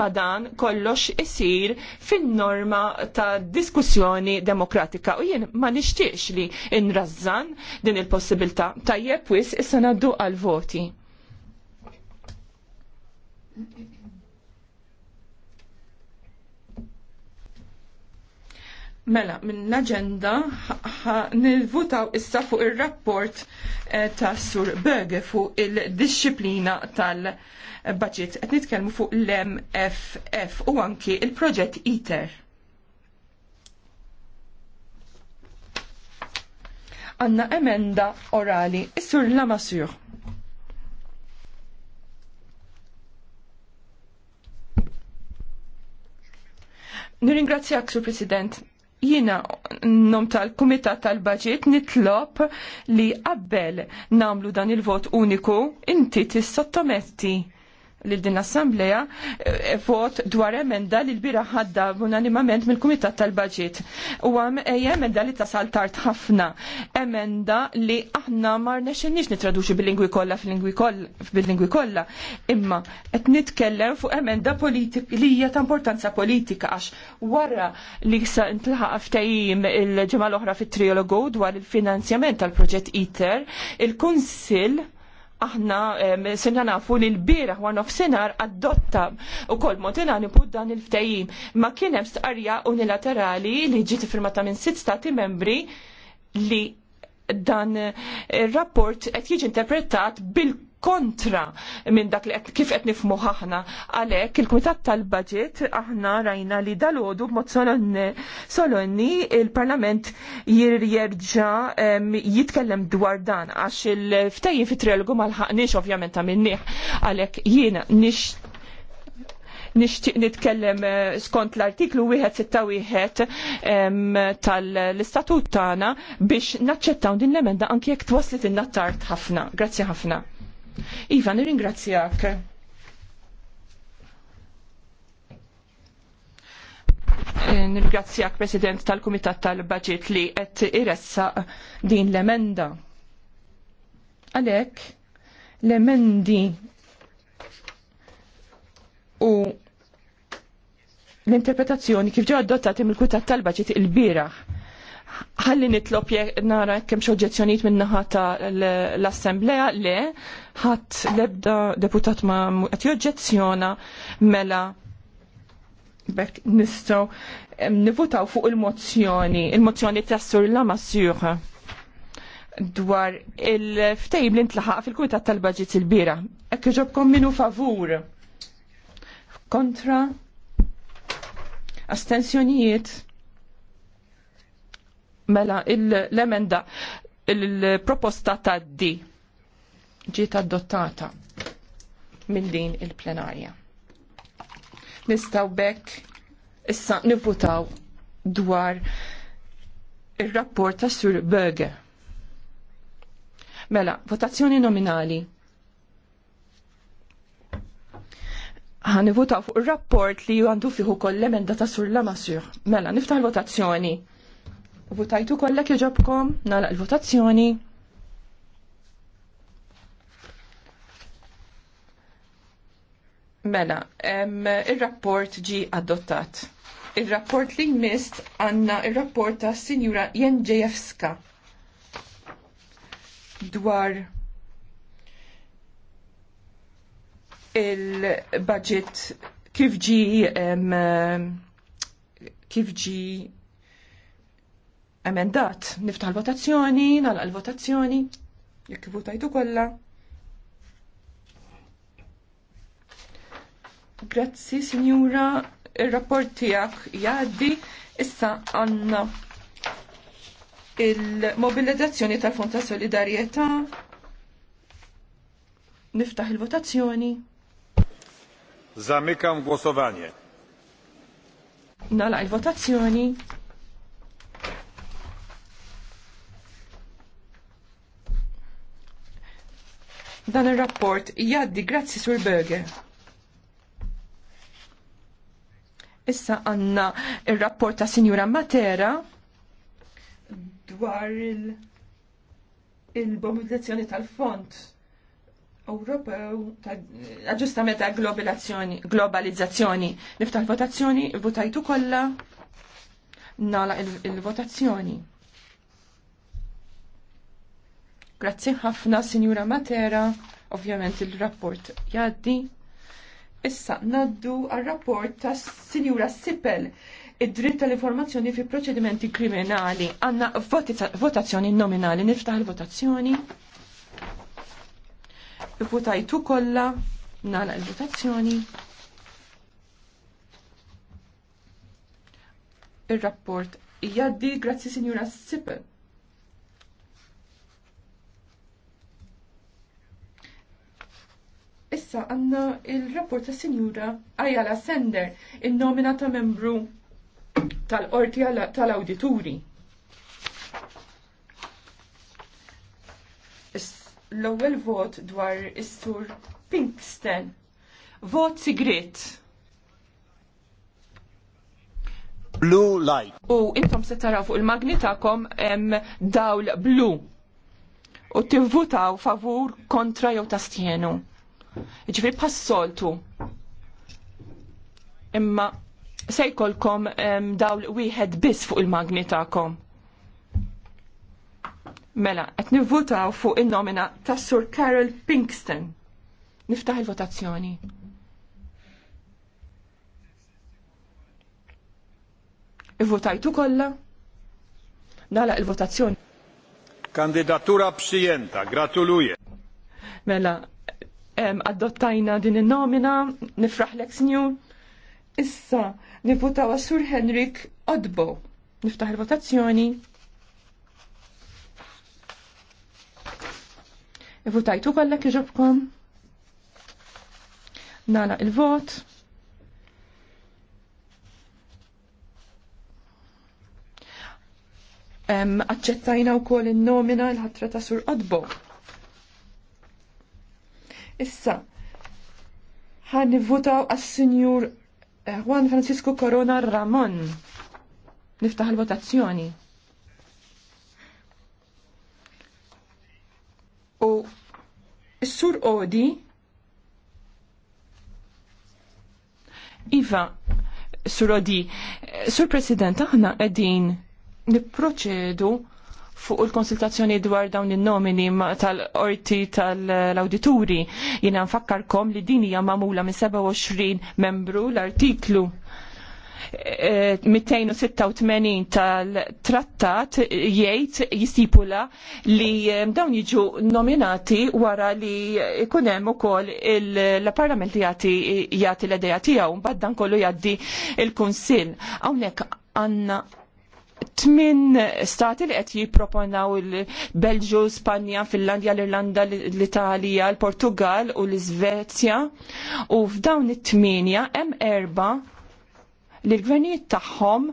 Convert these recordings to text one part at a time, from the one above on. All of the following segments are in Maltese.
imma dan kollox isir fin-norma ta' diskussjoni demokratika u jien ma nixtieqx li nrażżan din il-possibilità tajjeb wis issa ngħaddu għal voti. Mela, minn agenda nivvutaw issa fuq il-rapport eh, ta' Sur Berge fuq il-disciplina tal-budget. Qed nitkellmu fuq l-MFF u anki il-proġett ITER. Għanna emenda orali, Sur Lamassur. Nirringrazzjak, Sur President jina nom tal-Kumitat tal-Baġit nitlob li qabel namlu dan il-vot uniku inti tissottometti li din l-Assembleja eh, vot dwar emenda li l-bira ħadda unanimament mill-Kumitat tal-Baġit. U għam eh, emenda li tasal tard ħafna. Emenda li aħna mar nexenix nitraduċi bil-lingwi kolla fil-lingwi kolla. Imma qed nitkellem fuq emenda li hija ta' importanza politika għax wara li sa intlaħa ftajim il-ġemal oħra fit-triologu dwar il-finanzjament tal-proġett ITER, il-Kunsil aħna sinna nafu li l-biraħ wa nofsinar adotta u kol motina nipud dan il-ftajim. Ma kienem stqarja unilaterali li ġiet firmata minn sitt stati membri li dan il-rapport eh, qed jiġi interpretat bil kontra minn dak li kif qed nifmu aħna. Għalhekk il-Kumitat tal-Baġit aħna rajna li dalodu b'mod solonni il-Parlament jirjerġa' jitkellem dwar dan għax il-ftejjin fit-trialogu ma lħaqniex ovvjament ta' minniħ għalhekk jiena nix nixtieq nitkellem eh, skont l-artiklu 161 tal-istatut tagħna biex naċċettaw din l-emenda anke jekk twaslet in-nattart ħafna. Grazzi ħafna. Iva, nirringrazzjak. Eh, nirringrazzjak, President tal-Kumitat tal-Budget li qed iressa din l-emenda. Għalek, l-emendi u l-interpretazzjoni kif ġew adottati mill-Kutat tal baġit il-biraħ ħalli nitlob jekk nara kemm xi oġġezzjonijiet min-naħa tal-Assemblea le ħadd l-ebda deputat ma qed joġġezzjona mela bekk nistgħu nivutaw fuq il-mozzjoni, il-mozzjoni ta' Sur Lamassur dwar il-ftejb li ntlaħaq fil-kumitat tal-budget il-bira. Ekk ġobkom minu favur. Kontra. Astensjonijiet. Mela, l-emenda, il-proposta ta' di ġiet adottata minn din il-plenarja. Nistaw bekk issa nivutaw dwar il-rapport ta' Sur Böge. Mela, votazzjoni nominali. Għan votaw fuq il-rapport li għandu fiħu koll emenda ta' Sur Lamassur. Mela, niftaħ il-votazzjoni. Votajtu kollek joġobkom, nala il-votazzjoni. Mela, il-rapport ġi adottat. Il-rapport li mist għanna il-rapport ta' Sinjura Jenġejewska dwar il-budget kif ġi kif ġi emendat niftaħ l-votazzjoni, nalqa l-votazzjoni, jekk votajtu kollha. Grazzi, Signora. Il-rapport tijak jaddi issa għanna il-mobilizzazzjoni tal-Fond ta' Solidarieta. Niftaħ il-votazzjoni. Zamikam głosowanie. Nala il-votazzjoni. Dan il-rapport jaddi grazzi sur Berger. Issa għanna il-rapport ta' Sinjura Matera dwar il-mobilizzazzjoni il bobilizzazzjoni tal font Ewropew tal aġġustament ta' globalizzazzjoni. Niftaħ votazzjoni, votajtu kollha nala il-votazzjoni. Grazzi ħafna, Sinjura Matera, ovvjament il-rapport jaddi. Issa naddu għal-rapport ta' Sinjura Sippel id-dritt tal-informazzjoni fi proċedimenti kriminali. Għanna votazzjoni nominali, niftaħ il-votazzjoni. Votajtu kolla, nala il-votazzjoni. Il-rapport jaddi, grazzi Sinjura Sippel. issa għanna il-rapport ta' Sinjura Ajala Sender, il-nomina ta' membru tal-Qorti tal-Awdituri. L-ewwel vot dwar is-sur Pinkston. Vot sigrit. Blue light. U intom se taraw fuq il-magnitakom dawl blu u tivvutaw favur kontra jew tastjenu. Ġifri passoltu. Imma sejkolkom um, dawl wieħed biss fuq il-magni tagħkom. Mela, qed nivvutaw fuq in-nomina tas Sur Carol Pinkston. Niftaħ il-votazzjoni. Ivvotajtu kollha? Nagħlaq il-votazzjoni. Kandidatura psijenta, gratuluje. Mela, adottajna din il-nomina, nifraħlek sinjur. Issa, nivvotaw Sur Henrik Odbo. Niftaħ il-votazzjoni. Votajtu kollek iġobkom. Nana il-vot. Aċċettajna u kol il-nomina il-ħatra ta' Sur Odbo. Issa, ħan votaw għas-Sinjur eh, Juan Francisco Corona Ramon. Niftaħ il-votazzjoni. U s-sur Odi Iva, sur Odi, eh, sur President, aħna qegħdin nipproċedu fuq il-konsultazzjoni dwar dawn in-nomini tal-orti tal-awdituri. Jiena nfakkarkom li din hija magħmula minn 27 membru l-artiklu 286 e, tal-trattat jgħid jistipula li e, dawn jiġu nominati wara li ikun hemm ukoll il-Parlament jati jagħti l-idea tiegħu mbagħad dan kollu jgħaddi il-Kunsill. Hawnhekk għandna tmin stati li qed jipproponaw il-Belġu, Spanja, Finlandja, l-Irlanda, l-Italja, l-Portugal u l-Iżvezja. U f'dawn it-tminja hemm erba' li l-gvernijiet tagħhom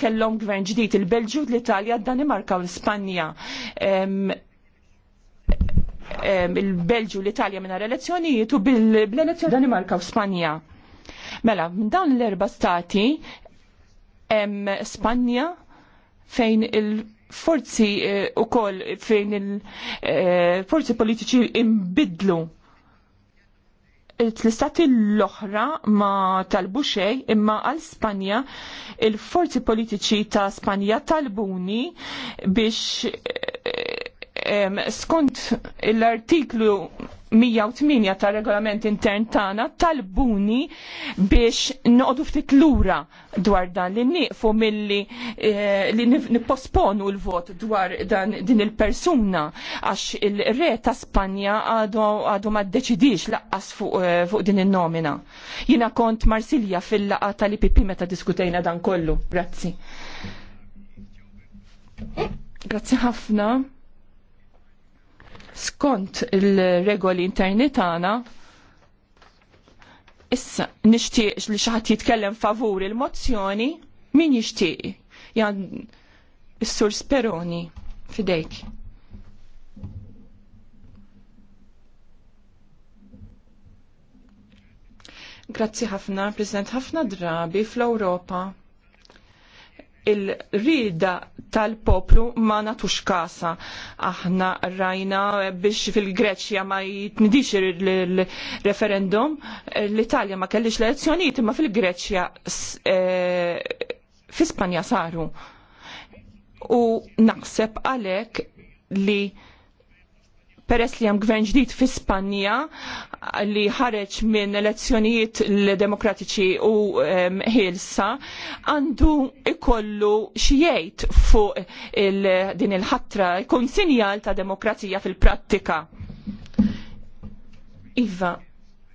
kellhom gvern ġdid il-Belġu, l-Italja, d-Danimarka u l-Spanja. Il-Belġu, l-Italja minna relazzjonijiet u bil-elezzjoni Danimarka u Spanja. Mela, minn dawn l-erba' stati Spanja, fejn il-forzi eh, u koll fejn il-forzi eh, politiċi imbidlu l-istati l-oħra ma talbu xej imma għal Spanja il-forzi politiċi ta' Spanja talbuni biex eh, skont l-artiklu 108 ta' regolament intern tagħna talbuni biex noqdu ftit lura dwar dan li nieqfu milli eh, li nipposponu l-vot dwar dan din il-persuna għax il-re ta' Spanja għadu ma ddeċidix laqqas eh, fuq din il-nomina. Jina kont Marsilja fil-laqa tal-IPP meta diskutejna dan kollu. Grazzi. Grazzi ħafna skont il-regoli interni tagħna Issa nixtieq li xi ħadd jitkellem favur il-mozzjoni, min jixtieq? Jan is-Sur Speroni fidejk. Grazzi ħafna, President, ħafna drabi fl-Europa il-rida tal-poplu ma natux kasa. Aħna rajna biex fil-Greċja ma jitnidix il-referendum, l-Italja ma kellix l-elezzjoniet, ma fil-Greċja e, fi Spanja saru. U naħseb għalek li peress li hemm gvern ġdid fi Spanja li ħareġ minn elezzjonijiet demokratiċi u ħilsa għandu ikollu xi jgħid fuq din il-ħatra jkun sinjal ta' demokrazija fil-prattika. Iva,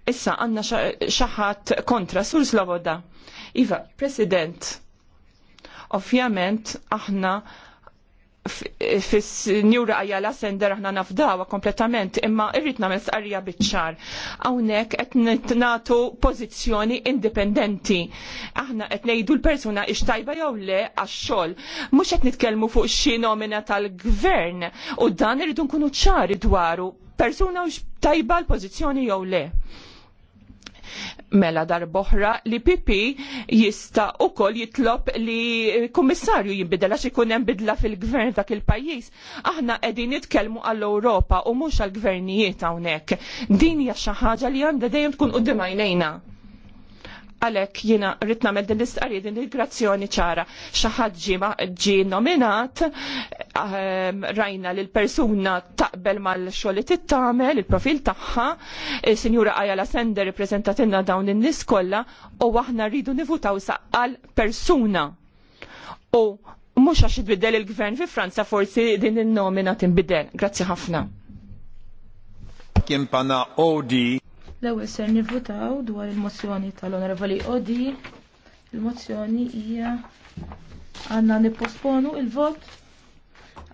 issa għandna xaħat ħadd kontra sur Sloboda. Iva, President, ovvjament aħna fis-njura għajala sender aħna nafdawa kompletament, imma irrit namel sqarrija bitċar. Hawnhekk qed nagħtu pożizzjoni indipendenti. Aħna qed ngħidu l-persuna tajba jew le għax-xogħol. Mhux qed nitkellmu fuq xi nomina tal-gvern u dan irridu nkunu ċari dwaru persuna tajba l-pożizzjoni jew le mela darboħra li Pipi jista u koll jitlob li kummissarju jimbidel għax ikun hemm bidla fil-gvern dak il-pajjiż. Aħna qegħdin nitkellmu għall-Ewropa u mhux għall-gvernijiet hawnhekk. Din hija xi ħaġa li għandha dejjem tkun quddiem għajnejna għalek jina rrit namel din l-istqarri din l-grazzjoni ċara xaħat ġi nominat ehm, rajna l persuna taqbel mal xogħol tittamel il-profil tagħha sinjura Ajala Sender reprezentatinna dawn in-nies kollha u aħna rridu nivutaw saqqal persuna u mhux għax idbidel il-gvern fi Franza forsi din in-nomina tinbidel. Grazzi ħafna. Kim pana Odi L-ewwel ser nivvutaw dwar il-mozzjoni tal-Onorevoli Odi. Il-mozzjoni hija għandna nipposponu il-vot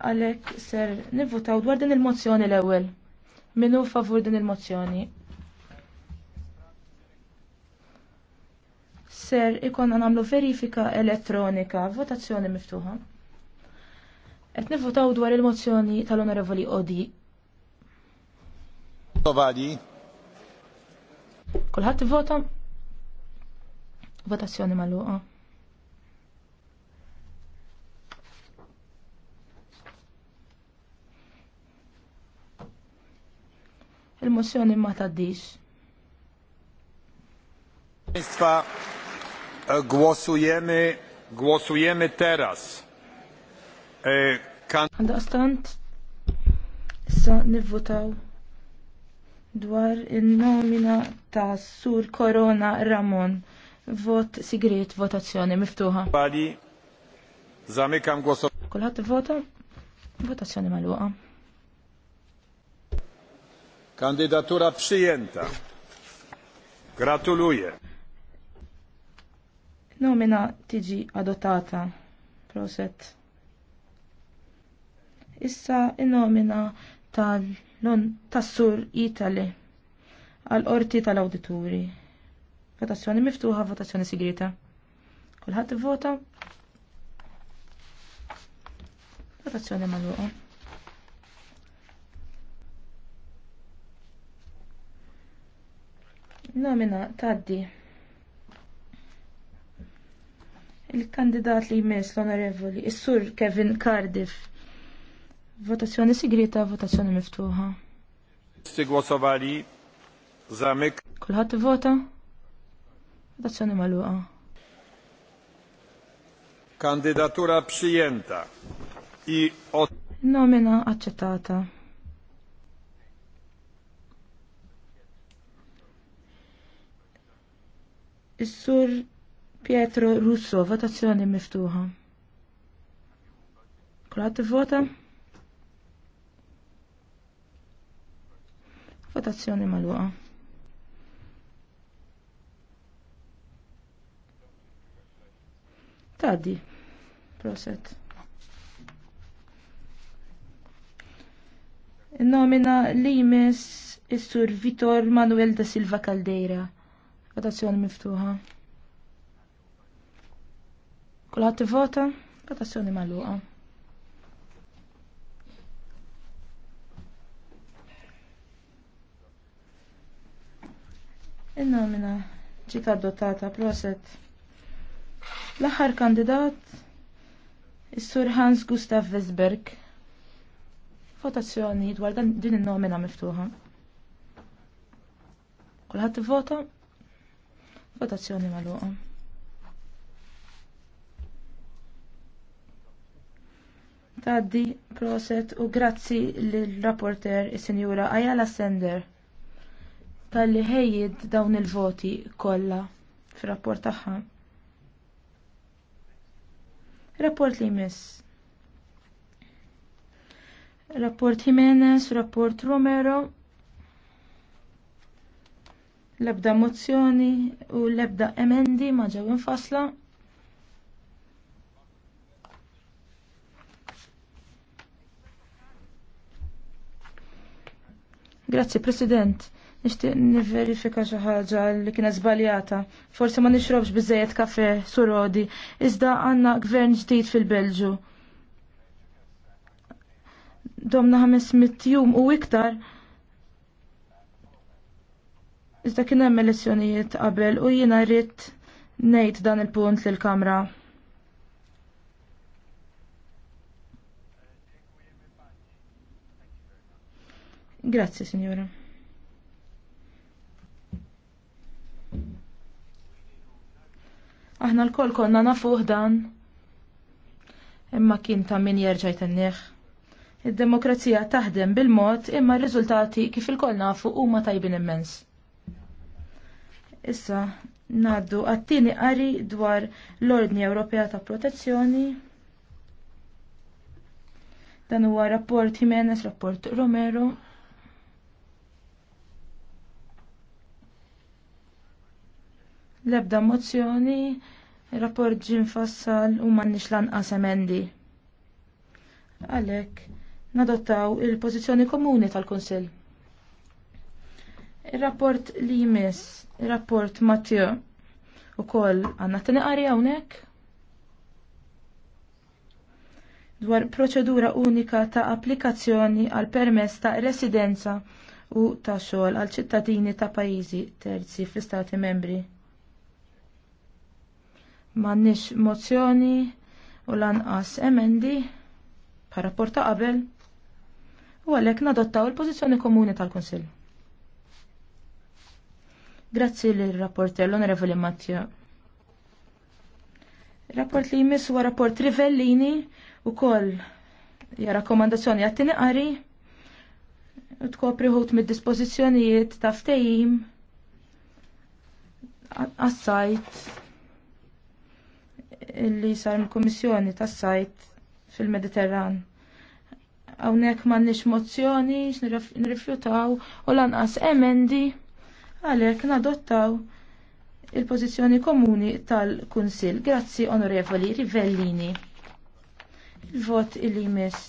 għalhekk ser nivvutaw dwar din il-mozzjoni l-ewwel. Minu favur din il-mozzjoni. Ser ikonna nagħmlu verifika elettronika, votazzjoni miftuħa. Qed nivvutaw dwar il-mozzjoni tal-Onorevoli Odi. Kulħadd ivvota? Votazzjoni magħluqa. Il-mozzjoni ma taddix. Państwa, e, głosujemy, głosujemy teraz. E, Għandastant, issa nivvotaw dwar il-nomina ta' Sur Corona Ramon. Vot sigrit, votazzjoni miftuħa. Badi, zamikam għosso. Kulħat vota, votazzjoni maluqa. Kandidatura przyjęta. Gratuluję. Nomina tiġi adottata. Proset. Issa in-nomina tal lun tas-sur Itali għal qorti tal-awdituri. Votazzjoni miftuħa, votazzjoni segreta. Kulħadd vota. Votazzjoni magħluqa. Nomina taddi. Il-kandidat li jmiss l-onorevoli, is-sur Kevin Cardiff. Votazzjoni segreta, votazzjoni miftuħa. Sti głosowali zamek. Kulħat vota? Votazzjoni maluqa. Kandidatura przyjęta. I ot... Nomina accettata. sur Pietro Russo, votazzjoni miftuħa. Kulħadd vota? Votazzjoni maluqa. Taddi, Proset. Nomina Limes is-sur Vitor Manuel da Silva Caldeira. Votazzjoni miftuħa. Kulħadd ivota, votazzjoni magħluqa. Il-nomina ġiet adottata proset. L-aħħar kandidat is-Sur Hans Gustav Vesberg. Votazzjoni dwar din il-nomina miftuħa. Kulħadd ivvota? Votazzjoni magħluqa. Taddi, proset u grazzi lill rapporter is-Sinjura Ajala Sender tal-li ħejjed dawn il-voti kollha fir-rapport tagħha. Rapport li jmiss. Rapport Jimenez, rapport Romero, l-ebda mozzjoni u l-ebda emendi ma ġew infasla. Grazie President. Nixtieq niverifika xi ħaġa li kienet żbaljata. Forsi ma nixrobx biżejjed kafe surodi, iżda għandna gvern ġdid fil-Belġu. Domna 500 jum u iktar Iżda kien hemm elezzjonijiet qabel u jiena rrid ngħid dan il-punt lill kamra Grazzi, signora. Aħna l-koll konna nafuh dan. Imma kien ta' min n jtenniħ. Id-demokrazija taħdem bil-mod imma r-riżultati kif il-koll nafu huma tajbin immens. Issa, naddu għattini qari dwar l-Ordni Ewropea ta' Protezzjoni. Dan huwa rapport Jimenez, rapport Romero. L-ebda mozzjoni, rapport ġin fassal u mannix lanqas emendi. Għalek, nadottaw il-pozizjoni komuni tal-Konsil. Il-rapport li jmiss, il-rapport Matteo, u koll għanna t għawnek? dwar proċedura unika ta' applikazzjoni għal permess ta' residenza u ta' xogħol għal ċittadini ta' pajjiżi terzi fl-istati membri. M'għandniex mozzjoni u lanqas emendi bħar-rapport qabel u għalhekk nadottaw il-pożizzjoni komuni tal-Kunsill. Grazzi l-rapporter l-Onorevoli Mattia. Rapport li jmiss huwa rapport Rivellini u koll ja rakkomandazzjoni għattini qari u tkopri ħut mid-dispożizzjonijiet ta' ftehim għas-sajt illi sar mill-Kummissjoni tas-Sajt fil-Mediterran. Hawnhekk m'għandniex mozzjoni nirrifjutaw u lanqas emendi għalhekk nadottaw il-pożizzjoni komuni tal-Kunsill. Grazzi Onorevoli Rivellini. Il-vot illi jmiss.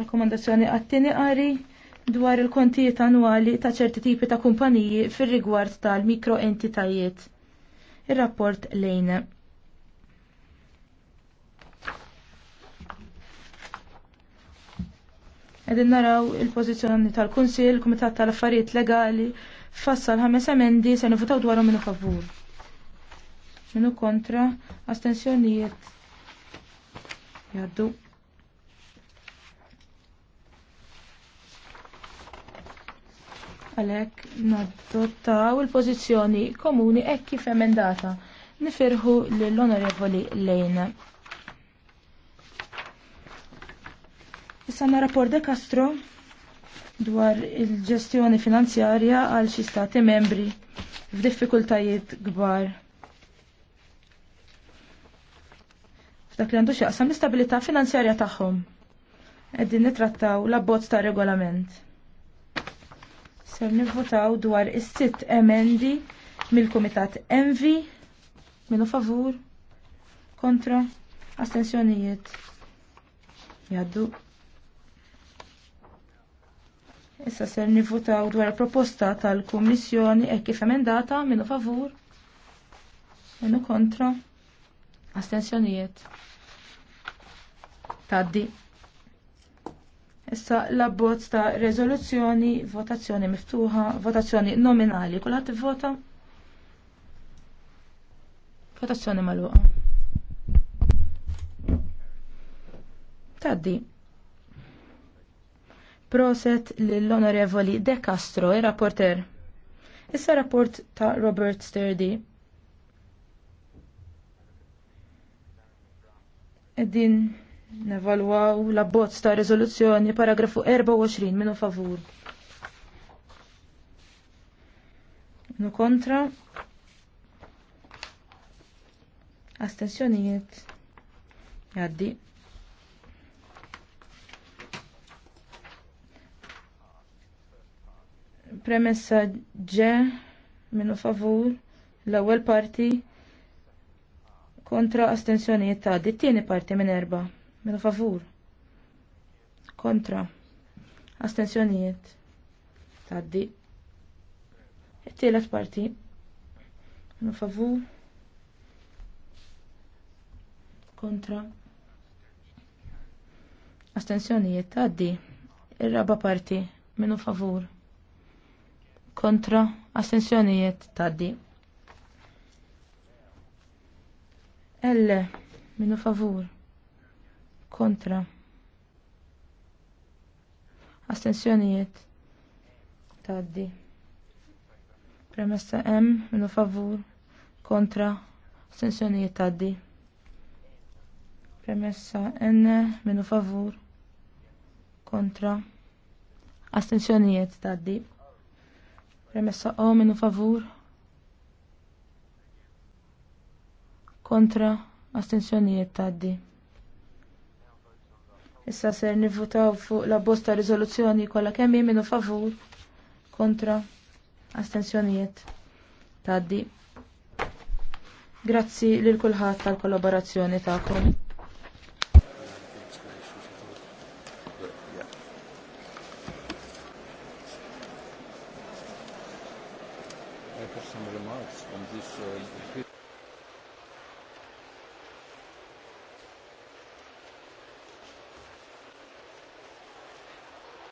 Rakkomandazzjoni għattini qari dwar il-kontijiet annwali ta' ċerti tipi ta' kumpaniji fir rigward tal-mikroentitajiet. Ir-rapport lejne. Għedin naraw il-pozizjoni tal-Kunsil, il-Kumitat tal-Affarijiet Legali, fassal ħames emendi se nifutaw dwaru minnu favur. Minnu kontra, astensjonijiet. Jaddu. Għalek, naddottaw il-pozizjoni komuni ekki femendata. Nifirħu l-onorevoli lejna. Sanna rapport de Castro dwar il-ġestjoni finanzjarja għal xi stati membri f'diffikultajiet kbar. F'dak li għandu xaqsam l-istabilità finanzjarja tagħhom. Qegħdin nitrattaw l-abbozz ta' regolament. Ser nivvotaw dwar is-sitt emendi mill-Kumitat Envi minu favur kontra astensjonijiet jaddu Issa ser nivutaw dwar proposta tal-Kummissjoni hekk kif emendata minnu favur, minnu kontra, astensjonijiet. Taddi. Issa l-abbozz ta' rezoluzzjoni, votazzjoni miftuħa, votazzjoni nominali, kulħadd ivvota. Votazzjoni magħluqa. Taddi. Proset lill-Onorevoli De Castro, ir-rapporter. Issa rapport ta' Robert Sturdy. Eddin nevalwaw la bozz ta' rezoluzzjoni paragrafu 24 minu favur. Minu kontra. Astensjonijiet. Jaddi. Premessa ġe minnu favur l-ewwel parti kontra astensjonijiet ta' di tieni parti minn erba' minnu favur kontra astensjonijiet ta' di it-tielet parti minnu favur kontra astensjonijiet ta' di ir-raba' parti minnu favur kontra astensjonijiet taddi. Elle, minu favur kontra astensjonijiet taddi. Premessa M minu favur kontra astensjonijiet taddi. Premessa N minu favur kontra astensjonijiet taddi premessa o minu favur. Kontra astensjonijiet taddi. Issa ser nivvutaw fuq la bosta riżoluzzjoni kollha kemm minu favur kontra astensjonijiet taddi. Grazzi lil kulħadd tal-kollaborazzjoni tagħkom.